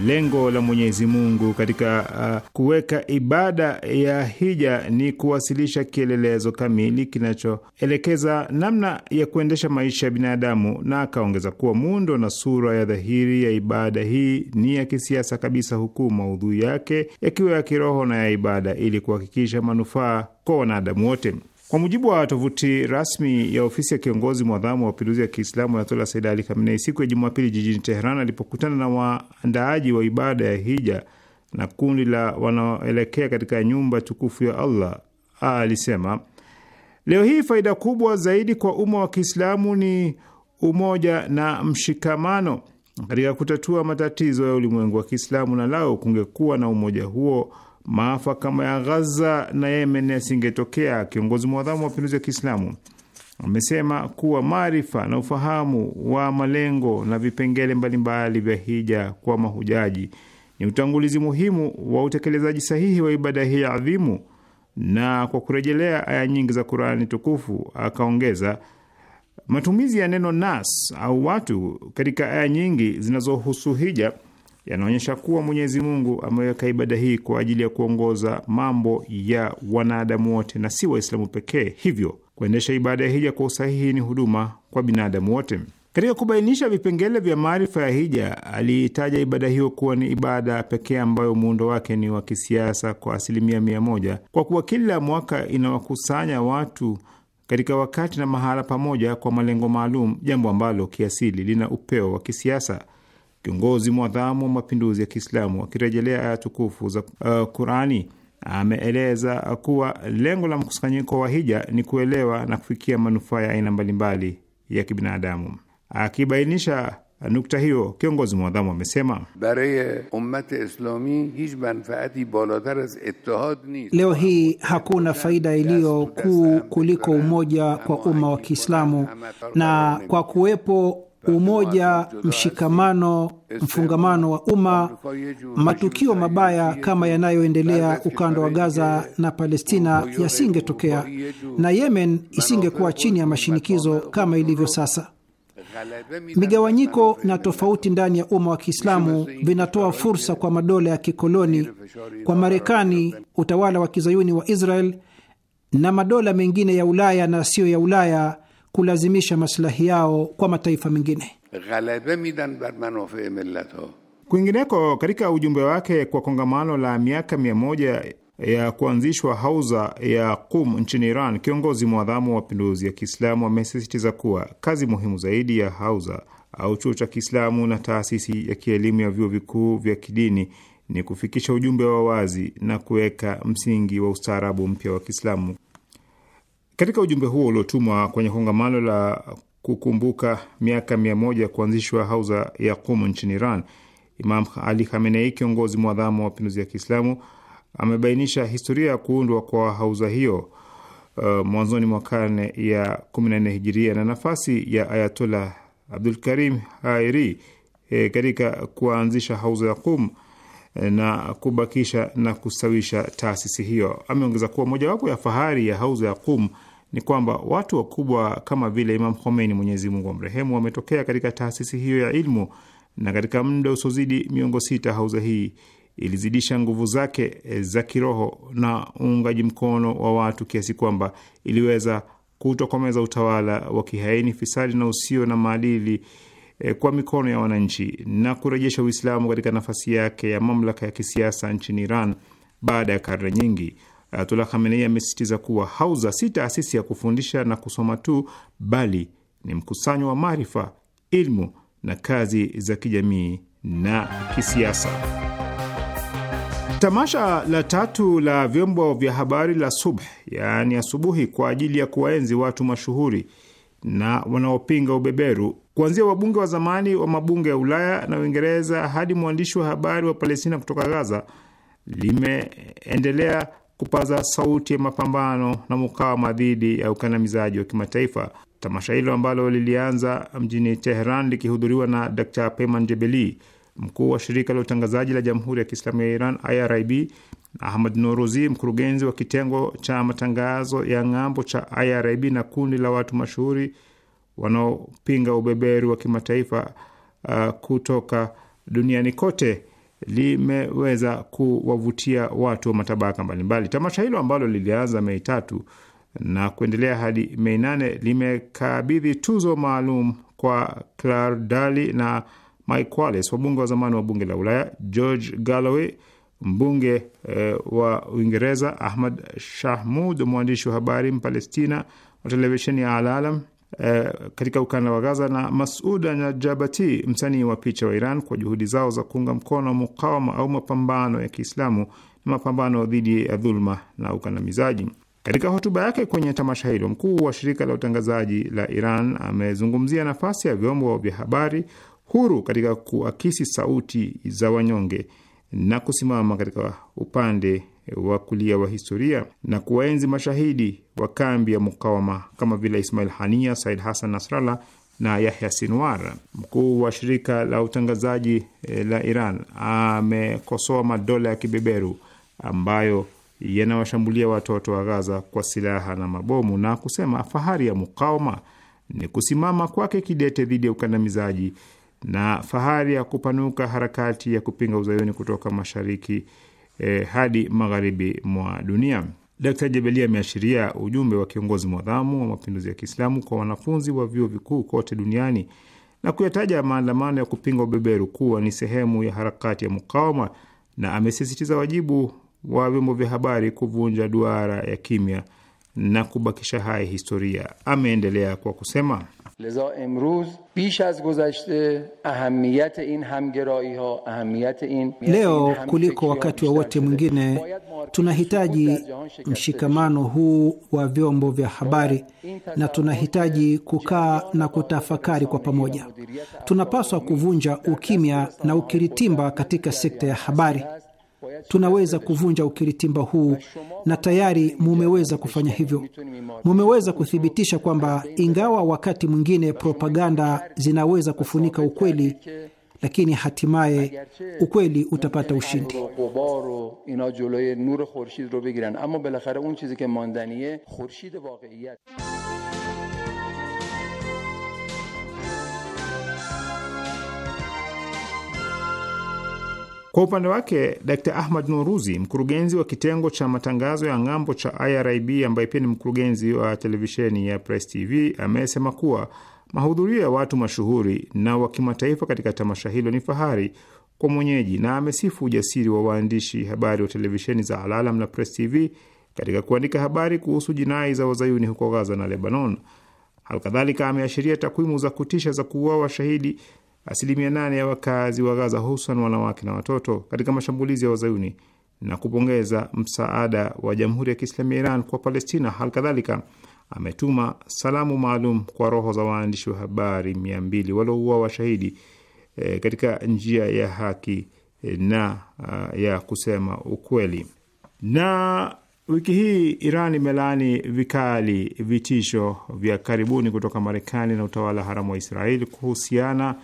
S5: lengo la Mwenyezi Mungu katika uh, kuweka ibada ya hija ni kuwasilisha kielelezo kamili kinachoelekeza namna ya kuendesha maisha ya binadamu, na akaongeza kuwa muundo na sura ya dhahiri ya ibada hii ni ya kisiasa kabisa, huku maudhui yake yakiwa ya kiroho na ya ibada, ili kuhakikisha manufaa kwa wanadamu wote. Kwa mujibu wa tovuti rasmi ya ofisi ya kiongozi mwadhamu wa mapinduzi ya Kiislamu Ayatola Said Ali Khamenei, siku ya Jumapili jijini Teheran alipokutana na waandaaji wa ibada ya hija na kundi la wanaoelekea katika nyumba tukufu ya Allah, alisema leo hii faida kubwa zaidi kwa umma wa Kiislamu ni umoja na mshikamano katika kutatua matatizo ya ulimwengu wa Kiislamu, na lao kungekuwa na umoja huo maafa kama ya Ghaza na Yemen yasingetokea. Kiongozi mwadhamu wa mapinduzi ya Kiislamu amesema kuwa maarifa na ufahamu wa malengo na vipengele mbalimbali vya hija kwa mahujaji ni utangulizi muhimu wa utekelezaji sahihi wa ibada hii adhimu, na kwa kurejelea aya nyingi za Qurani tukufu akaongeza matumizi ya neno nas au watu katika aya nyingi zinazohusu hija yanaonyesha kuwa Mwenyezi Mungu ameweka ibada hii kwa ajili ya kuongoza mambo ya wanadamu wote na si Waislamu pekee. Hivyo kuendesha ibada ya hija kwa usahihi ni huduma kwa binadamu wote. Katika kubainisha vipengele vya maarifa ya hija, aliitaja ibada hiyo kuwa ni ibada pekee ambayo muundo wake ni wa kisiasa kwa asilimia mia moja, kwa kuwa kila mwaka inawakusanya watu katika wakati na mahala pamoja kwa malengo maalum, jambo ambalo kiasili lina upeo wa kisiasa. Kiongozi mwadhamu wa mapinduzi ya Kiislamu akirejelea aya tukufu za uh, Qurani ameeleza kuwa lengo la mkusanyiko wa hija ni kuelewa na kufikia manufaa ya aina mbalimbali ya kibinadamu. Akibainisha nukta hiyo, kiongozi mwadhamu amesema,
S1: leo
S6: hii hakuna faida iliyo kuu kuliko umoja kwa umma wa Kiislamu, na kwa kuwepo umoja, mshikamano, mfungamano wa umma, matukio mabaya kama yanayoendelea ukanda wa Gaza na Palestina yasingetokea na Yemen isingekuwa chini ya mashinikizo kama ilivyo sasa. Migawanyiko na tofauti ndani ya umma wa Kiislamu vinatoa fursa kwa madola ya kikoloni, kwa Marekani, utawala wa kizayuni wa Israel na madola mengine ya Ulaya na siyo ya Ulaya kulazimisha masilahi yao kwa mataifa mengine.
S5: Kwingineko, katika ujumbe wake kwa kongamano la miaka mia moja ya kuanzishwa hauza ya Qum nchini Iran, kiongozi mwadhamu wa mapinduzi ya Kiislamu amesisitiza kuwa kazi muhimu zaidi ya hauza au chuo cha Kiislamu na taasisi ya kielimu ya vyuo vikuu vya kidini ni kufikisha ujumbe wa wazi na kuweka msingi wa ustaarabu mpya wa Kiislamu. Katika ujumbe huo uliotumwa kwenye kongamano la kukumbuka miaka mia moja kuanzishwa Hauza ya Qumu nchini Iran, Imam Ali Khamenei, kiongozi mwadhamu wa mapinduzi ya Kiislamu, amebainisha historia ya kuundwa kwa hauza hiyo uh, mwanzoni mwa karne ya 14 hijiria na nafasi ya Ayatollah Abdul Karim Hairi eh, katika kuanzisha hauza ya Qum eh, na kubakisha na kustawisha taasisi hiyo. Ameongeza kuwa mojawapo ya fahari ya hauza ya Qum ni kwamba watu wakubwa kama vile Imam Khomeini, Mwenyezi Mungu amrehemu, wametokea katika taasisi hiyo ya ilmu, na katika muda usiozidi miongo sita hauza hii ilizidisha nguvu zake e, za kiroho na uungaji mkono wa watu kiasi kwamba iliweza kutokomeza utawala wa kihaini, fisadi na usio na maadili e, kwa mikono ya wananchi na kurejesha Uislamu katika nafasi yake ya mamlaka ya kisiasa nchini Iran baada ya karne nyingi. Ayatullah eh, Khamenei amesisitiza kuwa hauza si taasisi ya kufundisha na kusoma tu, bali ni mkusanyo wa maarifa, ilmu na kazi za kijamii na kisiasa. Tamasha la tatu la vyombo vya habari la Subh, yaani asubuhi, kwa ajili ya kuwaenzi watu mashuhuri na wanaopinga ubeberu kuanzia wabunge wa zamani wa mabunge ya Ulaya na Uingereza hadi mwandishi wa habari wa Palestina kutoka Gaza limeendelea kupaza sauti ya mapambano na mukawama dhidi ya ukandamizaji wa kimataifa. Tamasha hilo ambalo lilianza mjini Teheran likihudhuriwa na Dr Peyman Jebeli, mkuu wa shirika la utangazaji la Jamhuri ya Kiislamu ya Iran IRIB, na Ahmad Noruzi, mkurugenzi wa kitengo cha matangazo ya ng'ambo cha IRIB na kundi la watu mashuhuri wanaopinga ubeberu wa kimataifa uh, kutoka duniani kote limeweza kuwavutia watu wa matabaka mbalimbali. Tamasha hilo ambalo lilianza Mei tatu na kuendelea hadi Mei nane limekabidhi tuzo maalum kwa Claire dali na Mike Wallace, wabunge wa zamani wa bunge la Ulaya, George Galloway, mbunge eh, wa Uingereza, Ahmad Shahmud, mwandishi wa habari Mpalestina wa televisheni ya Alalam, Eh, katika ukanda wa Gaza na Masud Najabati, msanii wa picha wa Iran, kwa juhudi zao za kuunga mkono mukawama au mapambano ya Kiislamu na mapambano dhidi ya dhuluma na ukandamizaji. Katika hotuba yake kwenye tamasha hilo, mkuu wa shirika la utangazaji la Iran amezungumzia nafasi ya vyombo vya habari huru katika kuakisi sauti za wanyonge na kusimama katika upande wa kulia wa historia na kuwaenzi mashahidi wa kambi ya mukawama kama vile Ismail Hania, Said Hassan Nasrallah na Yahya Sinwar. Mkuu wa shirika la utangazaji eh, la Iran amekosoa madola ya kibeberu ambayo yanawashambulia watoto wa Gaza kwa silaha na mabomu na kusema fahari ya mukawama ni kusimama kwake kidete dhidi ya ukandamizaji na fahari ya kupanuka harakati ya kupinga uzayoni kutoka mashariki eh, hadi magharibi mwa dunia. Dkt Jebeli ameashiria ujumbe wa kiongozi mwadhamu wa mapinduzi ya Kiislamu kwa wanafunzi wa vyuo vikuu kote duniani na kuyataja maandamano ya kupinga ubeberu kuwa ni sehemu ya harakati ya mukawama, na amesisitiza wajibu wa vyombo vya habari kuvunja duara ya kimya na kubakisha hai historia. Ameendelea kwa kusema
S6: لذا امروز bish az gozashte ahamiyat in hamgerai ha ahamiyat in leo kuliko wakati wowote wa mwingine tunahitaji mshikamano huu wa vyombo vya habari na tunahitaji kukaa na kutafakari kwa pamoja. Tunapaswa kuvunja ukimya na ukiritimba katika sekta ya habari tunaweza kuvunja ukiritimba huu, na tayari mumeweza kufanya hivyo. Mumeweza kuthibitisha kwamba ingawa wakati mwingine propaganda zinaweza kufunika ukweli, lakini hatimaye ukweli utapata ushindi.
S5: Kwa upande wake Dr Ahmad Nuruzi, mkurugenzi wa kitengo cha matangazo ya ng'ambo cha IRIB ambaye pia ni mkurugenzi wa televisheni ya Press TV, amesema kuwa mahudhurio ya watu mashuhuri na wa kimataifa katika tamasha hilo ni fahari kwa mwenyeji, na amesifu ujasiri wa waandishi habari wa televisheni za Alalam na Press TV katika kuandika habari kuhusu jinai za wazayuni huko Gaza na Lebanon. Halkadhalika ameashiria takwimu za kutisha za kuuawa shahidi asilimia nane ya wakazi wa Gaza, hususan wanawake na watoto, katika mashambulizi ya Wazayuni na kupongeza msaada wa Jamhuri ya Kiislamu ya Iran kwa Palestina. Hali kadhalika ametuma salamu maalum kwa roho za waandishi wa habari mia mbili waliouawa washahidi e, katika njia ya haki e, na a, ya kusema ukweli. Na wiki hii Iran imelaani vikali vitisho vya karibuni kutoka Marekani na utawala haramu wa Israeli kuhusiana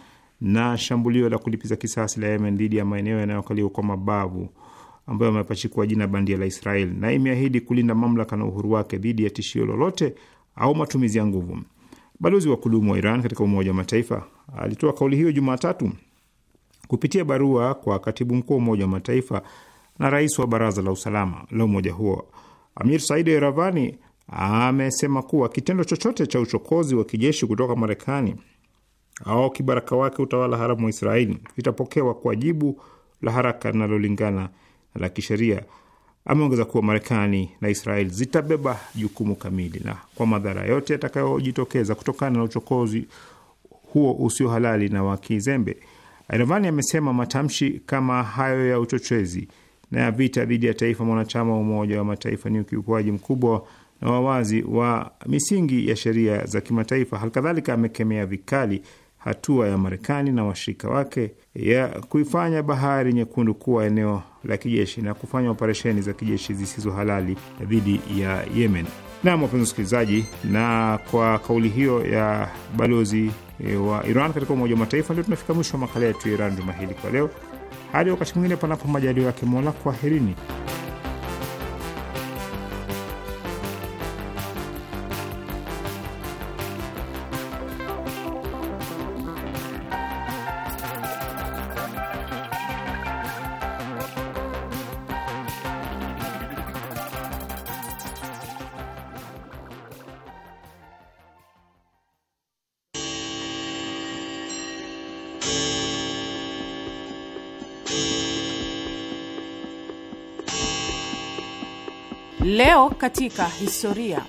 S5: na shambulio la kulipiza kisasi la Yemen dhidi ya maeneo yanayokaliwa kwa mabavu ambayo amepachikwa jina bandia la Israel na imeahidi kulinda mamlaka na uhuru wake dhidi ya tishio lolote au matumizi ya nguvu. Balozi wa kudumu wa Iran katika Umoja wa Mataifa alitoa kauli hiyo Jumatatu kupitia barua kwa katibu mkuu wa Umoja wa Mataifa na rais wa Baraza la Usalama la umoja huo. Amir Said Iravani amesema kuwa kitendo chochote cha uchokozi wa kijeshi kutoka Marekani au kibaraka wake utawala haramu wa Israeli vitapokewa kwa jibu la haraka linalolingana la kisheria. Ameongeza kuwa Marekani na Israeli zitabeba jukumu kamili na kwa madhara yote yatakayojitokeza kutokana na uchokozi huo usio halali na wa kizembe. Iravani amesema matamshi kama hayo ya uchochezi na ya vita dhidi ya taifa mwanachama wa Umoja wa Mataifa ni ukiukuaji mkubwa na wawazi wa misingi ya sheria za kimataifa. Halikadhalika, amekemea vikali hatua ya Marekani na washirika wake ya kuifanya Bahari Nyekundu kuwa eneo la kijeshi na kufanya operesheni za kijeshi zisizo halali dhidi ya Yemen. Nam, wapenzi wasikilizaji, na kwa kauli hiyo ya balozi e, wa Iran katika Umoja wa Mataifa, ndio tunafika mwisho wa makala yetu ya Iran juma hili kwa leo. Hadi wakati mwingine, panapo majaliwa yake Mola, kwaherini.
S4: katika historia.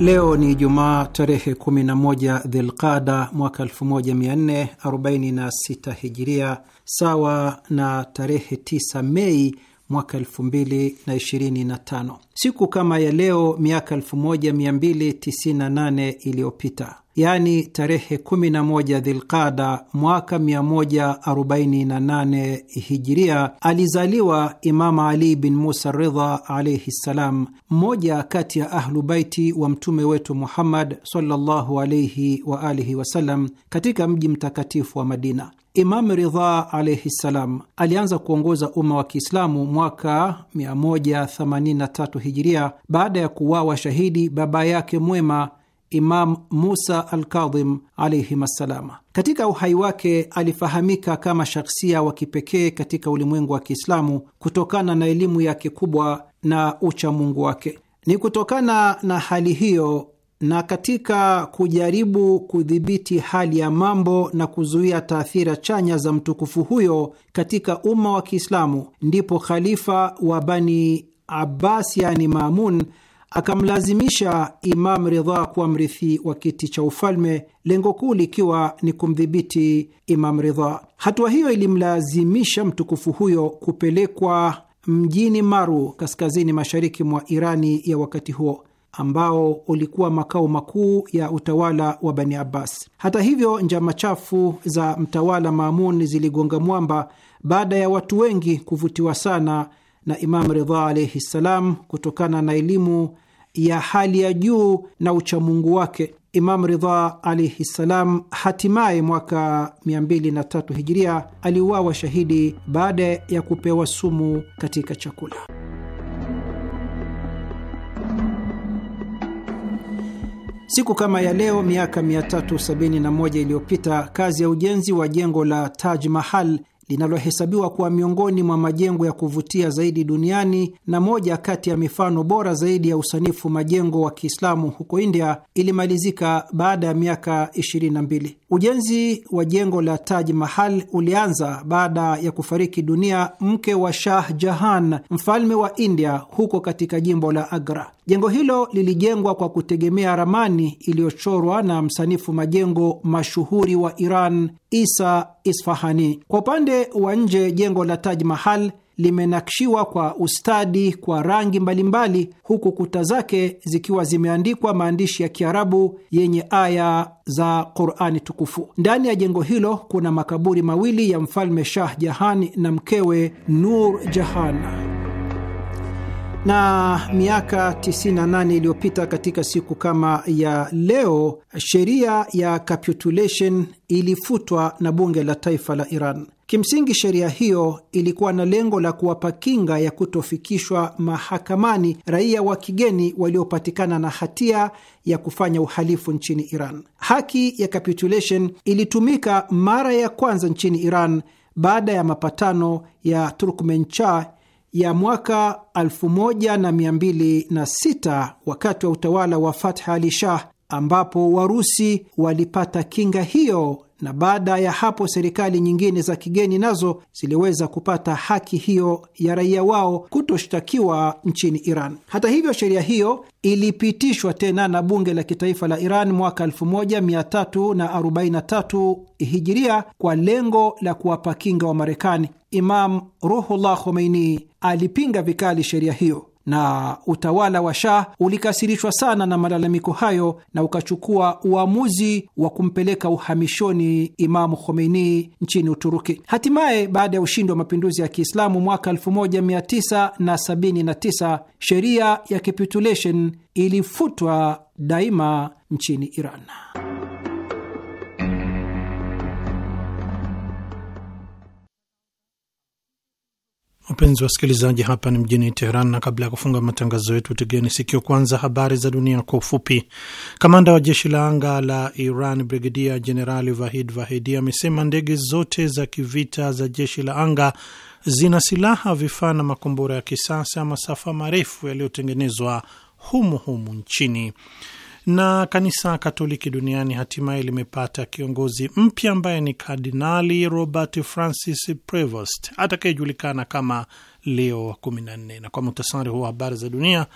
S6: Leo ni Jumaa tarehe 11 Dhilqada mwaka 1446 Hijiria, sawa na tarehe 9 Mei mwaka 2025. Siku kama ya leo miaka 1298 iliyopita yani tarehe 11 Dhilqada mwaka 148 Hijiria, alizaliwa Imama Ali bin Musa Ridha alaihi ssalam, mmoja kati ya Ahlu Baiti wa mtume wetu Muhammad sallallahu alaihi wa alihi wasallam katika mji mtakatifu wa Madina. Imam Ridha alaihi ssalam alianza kuongoza umma wa Kiislamu mwaka 183 Hijiria baada ya kuwawa shahidi baba yake mwema Imam Musa Alkadhim alaihim assalama. Katika uhai wake alifahamika kama shakhsia wa kipekee katika ulimwengu wa Kiislamu kutokana na elimu yake kubwa na uchamungu wake. Ni kutokana na hali hiyo na katika kujaribu kudhibiti hali ya mambo na kuzuia taathira chanya za mtukufu huyo katika umma wa Kiislamu ndipo khalifa wa Bani Abbas yani Maamun akamlazimisha Imam Ridha kuwa mrithi wa kiti cha ufalme, lengo kuu likiwa ni kumdhibiti Imam Ridha. Hatua hiyo ilimlazimisha mtukufu huyo kupelekwa mjini Maru, kaskazini mashariki mwa Irani ya wakati huo ambao ulikuwa makao makuu ya utawala wa Bani Abbas. Hata hivyo, njama chafu za mtawala Maamuni ziligonga mwamba baada ya watu wengi kuvutiwa sana na Imam Ridha alaihi ssalam kutokana na elimu ya hali ya juu na uchamungu wake. Imam Ridha alaihi ssalam hatimaye mwaka 203 hijiria aliuawa shahidi baada ya kupewa sumu katika chakula. Siku kama ya leo miaka 371 iliyopita, kazi ya ujenzi wa jengo la Taj Mahal linalohesabiwa kuwa miongoni mwa majengo ya kuvutia zaidi duniani na moja kati ya mifano bora zaidi ya usanifu majengo wa Kiislamu huko India, ilimalizika baada ya miaka 22. Ujenzi wa jengo la Taj Mahal ulianza baada ya kufariki dunia mke wa Shah Jahan, mfalme wa India, huko katika jimbo la Agra. Jengo hilo lilijengwa kwa kutegemea ramani iliyochorwa na msanifu majengo mashuhuri wa Iran, Isa Isfahani. Kwa upande wa nje, jengo la Taj Mahal limenakshiwa kwa ustadi kwa rangi mbalimbali, huku kuta zake zikiwa zimeandikwa maandishi ya Kiarabu yenye aya za Qurani tukufu. Ndani ya jengo hilo kuna makaburi mawili ya mfalme Shah Jahan na mkewe Nur Jahan. Na miaka 98 iliyopita katika siku kama ya leo, sheria ya capitulation ilifutwa na bunge la taifa la Iran. Kimsingi, sheria hiyo ilikuwa na lengo la kuwapa kinga ya kutofikishwa mahakamani raia wa kigeni waliopatikana na hatia ya kufanya uhalifu nchini Iran. Haki ya capitulation ilitumika mara ya kwanza nchini Iran baada ya mapatano ya Turkmenchai ya mwaka 1206 wakati wa utawala wa Fath Ali Shah ambapo Warusi walipata kinga hiyo na baada ya hapo serikali nyingine za kigeni nazo ziliweza kupata haki hiyo ya raia wao kutoshtakiwa nchini Iran. Hata hivyo, sheria hiyo ilipitishwa tena na bunge la kitaifa la Iran mwaka 1343 hijiria kwa lengo la kuwapa kinga wa Marekani. Imam Ruhullah Khomeini alipinga vikali sheria hiyo na utawala wa Shah ulikasirishwa sana na malalamiko hayo na ukachukua uamuzi wa kumpeleka uhamishoni Imamu Khomeini nchini Uturuki. Hatimaye, baada ya ushindi wa mapinduzi ya Kiislamu mwaka 1979 sheria ya capitulation ilifutwa daima nchini Iran.
S2: Wapenzi wasikilizaji, hapa ni mjini Teheran, na kabla ya kufunga matangazo yetu, tegeni sikio kwanza habari za dunia kwa ufupi. Kamanda wa jeshi la anga la Iran Brigedia Jenerali Vahid Vahidi amesema ndege zote za kivita za jeshi la anga zina silaha, vifaa na makombora ya kisasa masafa marefu yaliyotengenezwa humuhumu humu nchini. Na kanisa Katoliki duniani hatimaye limepata kiongozi mpya ambaye ni Kardinali Robert Francis Prevost atakayejulikana kama Leo wa 14. Na kwa muhtasari wa habari za dunia,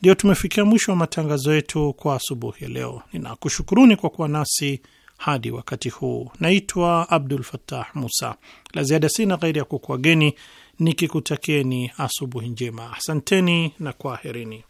S2: ndio tumefikia mwisho wa matangazo yetu kwa asubuhi ya leo. Ninakushukuruni kwa kuwa nasi hadi wakati huu. Naitwa Abdul Fattah Musa. La ziada sina ghairi ya kukuageni nikikutakieni asubuhi njema. Asanteni na kwaherini.